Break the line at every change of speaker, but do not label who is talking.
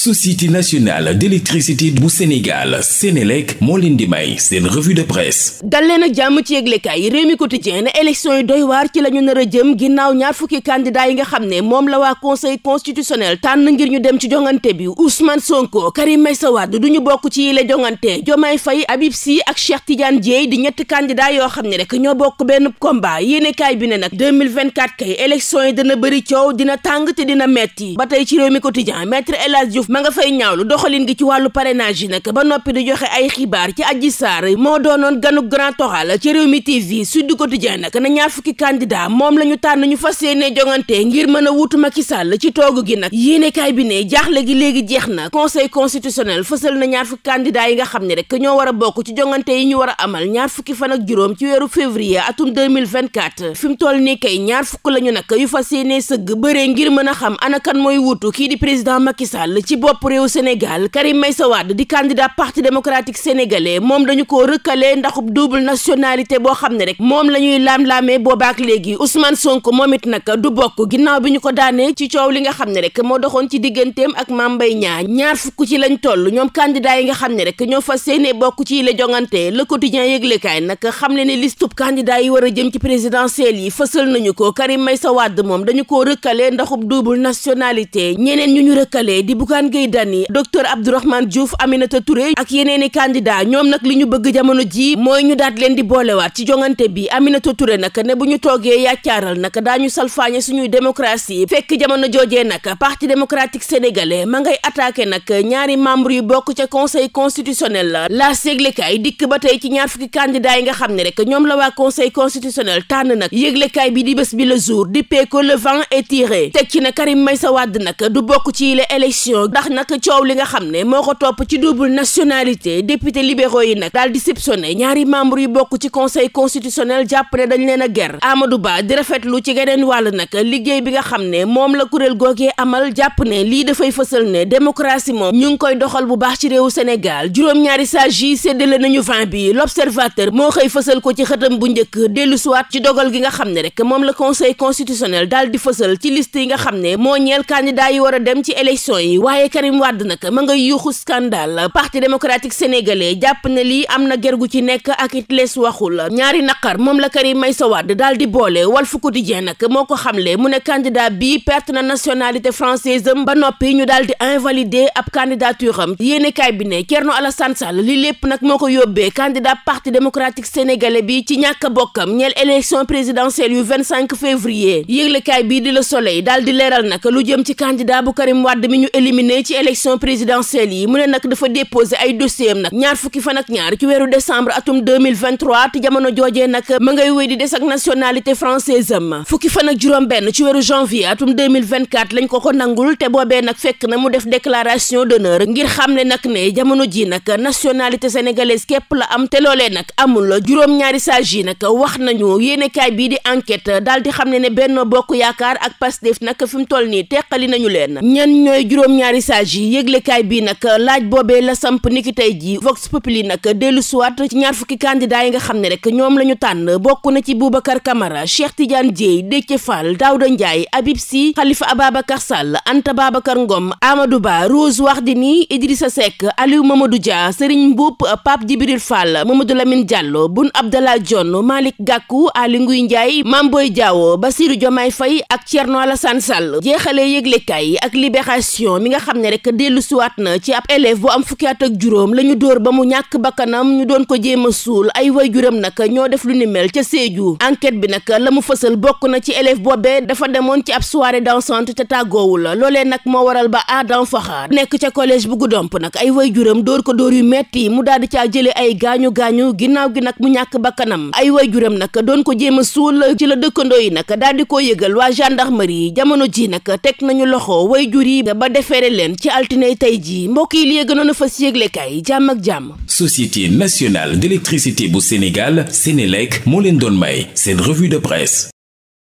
société nationale d'électricité bu Sénégal Sénélec moo leen di may seen revue de presse dal jàmm ci yëglekaay yi réew mi quotidien ne élection yi doy waar ci la ñu nar a jëm ginnaaw ñaar fukki candidat yi nga xam ne moom la waa conseil constitutionnel tànn ngir ñu dem ci jongante bi Ousmane Sonko Karim Meïssa Wade du ñu bokk ci yile jongante Diomaye Faye Habib Sy ak Cheikh Tidiane Dièye di ñetti candidat yoo xam ne rek ñoo bokk benn combat yéenekaay bi ne nag 2024 kay élection yi dina bëri coow dina tàng te dina metti ba tey ci ma nga fay ñaawlu doxalin gi ci wàllu parrainage yi nag ba noppi di joxe ay xibaar ci Adji Sarr moo doonoon ganu grand toxal ci réew mi TV Sud Quotidien nag na ñaar fukki candidat moom la ñu tànn ñu fas yéene jongante ngir mën a wuutu Macky Sall ci toog gi nag yéenekaay bi ne jaaxle gi léegi jeex na conseil constitutionnel fësal na ñaar fukki candidat yi nga xam ne rek ñoo war a bokk ci jongante yi ñu war a amal ñaar fukki fan ak juróom ci weeru février atum 2024 fi mu toll nii ñaar fukk la ñu nag yu fas yéene sëgg bëree ngir mën a xam ana kan mooy wuutu kii di président Macky Sall ci bopp réew Sénégal Karim Meïssa Wade di candidat parti démocratique sénégalais moom dañu ko rëkkale ndaxub double nationalité boo xam ne rek moom la ñuy laam-laamee boobaak léegi Ousmane Sonko moom it nag du bokk ginnaaw bi ñu ko daanee ci coow li nga xam ne rek moo doxoon ci digganteem ak Mame Mbaye Niang ñaar fukk ci lañ toll ñoom candidat yi nga xam ne rek ñoo fas yéene bokk ci la jongante Le Quotidien yëglekaay nag xam ne ne listub candidat yi war a jëm ci présidentielle yi fësal nañu ko Karim Meïssa Wade moom dañu ko rëkkale ndaxub double nationalité ñeneen ñu ñu rëkkale di bugaan Bougane Gueye Dany docteur Abdourahmane Diouf Aminata Touré ak yeneen i candidat ñoom nag li ñu bëgg jamono ji mooy ñu daat leen di boolewaat ci jongante bi Aminata Touré nag ne bu ñu toogee yaccaaral nag daañu salfaañe suñuy démocratie fekk jamono joojee nag parti démocratique sénégalais ma ngay attaqué nag ñaari membre yu bokk ca conseil constitutionnel la la séglekaay dikk ba tey ci ñaar fukki candidat yi nga xam ne rek ñoom la waa conseil constitutionnel tànn nag yëglekaay bi di bés bi le jour di peeko le vent est tiré teg ci na Karim Meïssa Wade nag du bokk ci les ndax nag coow li nga xam ne moo ko topp ci double nationalité député libéraux yi nag daal di soupçonné ñaari membre yi bokk ci conseil constitutionnel jàpp ne dañ leen a ger Amadou Ba di rafetlu ci geneen wàll nag liggéey bi nga xam ne moom la kuréel googee amal jàpp ne lii dafay fësal ne démocratie moom ñu ngi koy doxal bu baax ci réewu Sénégal juróom-ñaari sages yi séddale nañu vin bi l'observateur moo xëy fësal ko ci xëtam bu njëkk dellu siwaat ci dogal gi nga xam ne rek moom la conseil daal di fësal ci liste yi nga xam ne moo ñeel candidat yi war a dem ci élection yi Karim Wade nag ma nga yuuxu scandale parti démocratique sénégalais jàpp na lii am na ger gu ci nekk ak it lees waxul ñaari naqar moom la Karim Meïssa Wade daal di boole Walf Quotidien nag moo ko xamle mu ne candidat bii perte na nationalité française ba noppi ñu daal di invalider ab candidature am yéenekaay bi ne Thierno Alassane Sall li lépp nag moo ko yóbbee candidat parti démocratique sénégalais bi ci ñàkk bokkam ñeel élection présidentielle yu 25 février yëglekaay bii di Le Soleil daal di leeral nag lu jëm ci candidat bu Karim Wade ci élection présidentielle yi mu ne nag dafa déposé ay dossier am nag ñaar fukki fan ak ñaar ci weeru décembre atum te jamono joojee nag ma ngay wéy di des ak nationalité française am fukki fan ak juróom benn ci weeru janvier atum 2024 ko ko nangul te boobee nag fekk na mu def déclaration d'honneur ngir xamle nag ne jamono ji nag nationalité sénégalaise képp la am te loolee nag amul juróom-ñaari sages yi nag wax nañu yéenekaay bii di enquête daal di xam ne ne Benno Bokk Yaakaar ak Pastef nag fi message yi yëglekaay bii nag laaj boobee la samp niki tey jii Vox Populi nag dellu siwaat ci ñaar fukki candidat yi nga xam ne rek ñoom la ñu tànn bokk na ci Boubacar Camara Cheikh Tidiane Dieye Déthié Fall Daouda Ndiaye Habib Sy Khalifa Ababacar Sall Anta Babacar Ngom Amadou Ba Rose Wardini Idrissa Seck Aliou Mamadou Dia Serigne Mboup Pape Djibril Fall Mamadou Lamine Diallo Boun Abdallah Dionne Malick Gakou Aly Ngouille Ndiaye Mame Boye Diao Bassirou Diomaye Faye ak Thierno Alassane Sall jeexalee yëglekaay ak Libération mi nga xam ne rek dellu siwaat na ci ab élève bu am fukki ak juróom la ñu dóor ba mu ñàkk bakkanam ñu doon ko jéem a suul ay waajuram nag ñoo def lu ni ca Sédhiou enquête bi nag la mu fësal bokk na ci élève boobee dafa demoon ci ab soirée dansante te tàggoowul loolee nag moo waral ba Adam Faxa nekk ca collège bu Goudomp nag ay waajuram dóor ko dóor yu metti mu daal di caa jëlee ay gaañu gaañu ginnaaw gi nag mu ñàkk bakkanam ay waajuram nag doon ko jéem a suul ci la dëkkandoo yi nag daal di ko yëgal waa gendarmerie jamono ji nag teg nañu loxo waajur yi ba defeere leen ci altine tey jii mbokk yi li gënoon a fa yéeglekaay jàmm ak jàmm. société nationale d'électricité bu Sénégal Sénélec moo leen doon may seen revue de presse.